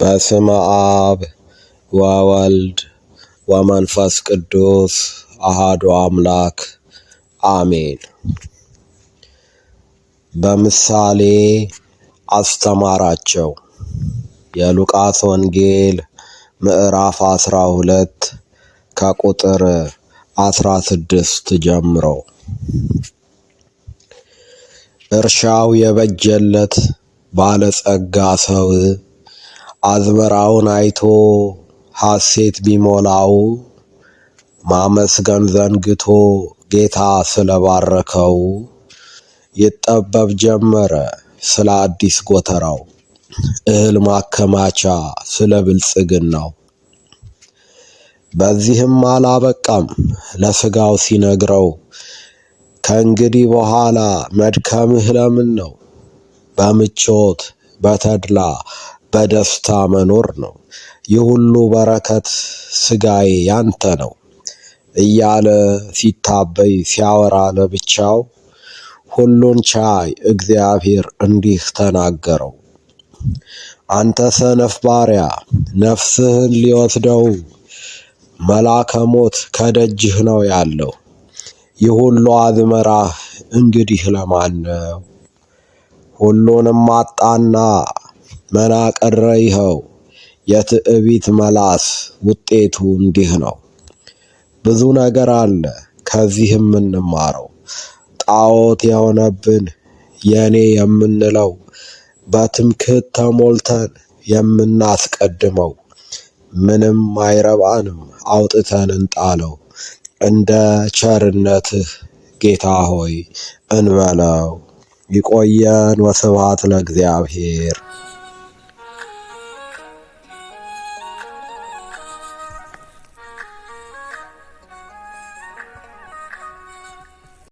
በስመ አብ ወወልድ ወመንፈስ ቅዱስ አሃዱ አምላክ አሜን። በምሳሌ አስተማራቸው። የሉቃስ ወንጌል ምዕራፍ 12 ከቁጥር 16 ጀምሮ እርሻው የበጀለት ባለጸጋ ሰው አዝመራውን አይቶ ሐሴት ቢሞላው ማመስገን ዘንግቶ ጌታ ስለባረከው ይጠበብ ጀመረ ስለ አዲስ ጎተራው እህል ማከማቻ ስለ ብልጽግናው። በዚህም አላበቃም ለስጋው ሲነግረው ከእንግዲህ በኋላ መድከምህ ለምን ነው? በምቾት በተድላ በደስታ መኖር ነው። የሁሉ በረከት ስጋዬ ያንተ ነው እያለ ሲታበይ ሲያወራ ለብቻው ሁሉን ቻይ እግዚአብሔር እንዲህ ተናገረው። አንተ ሰነፍ ባሪያ ነፍስህን ሊወስደው መላከ ሞት ከደጅህ ነው ያለው። የሁሉ አዝመራህ እንግዲህ ለማን ነው? ሁሉንም አጣና መና ቀረ ይኸው የትዕቢት መላስ ውጤቱ እንዲህ ነው። ብዙ ነገር አለ ከዚህ የምንማረው ጣዖት የሆነብን የኔ የምንለው በትምክህት ተሞልተን የምናስቀድመው ምንም አይረባንም አውጥተን እንጣለው። እንደ ቸርነትህ ጌታ ሆይ እንበለው። ይቆየን። ወስብሐት ለእግዚአብሔር።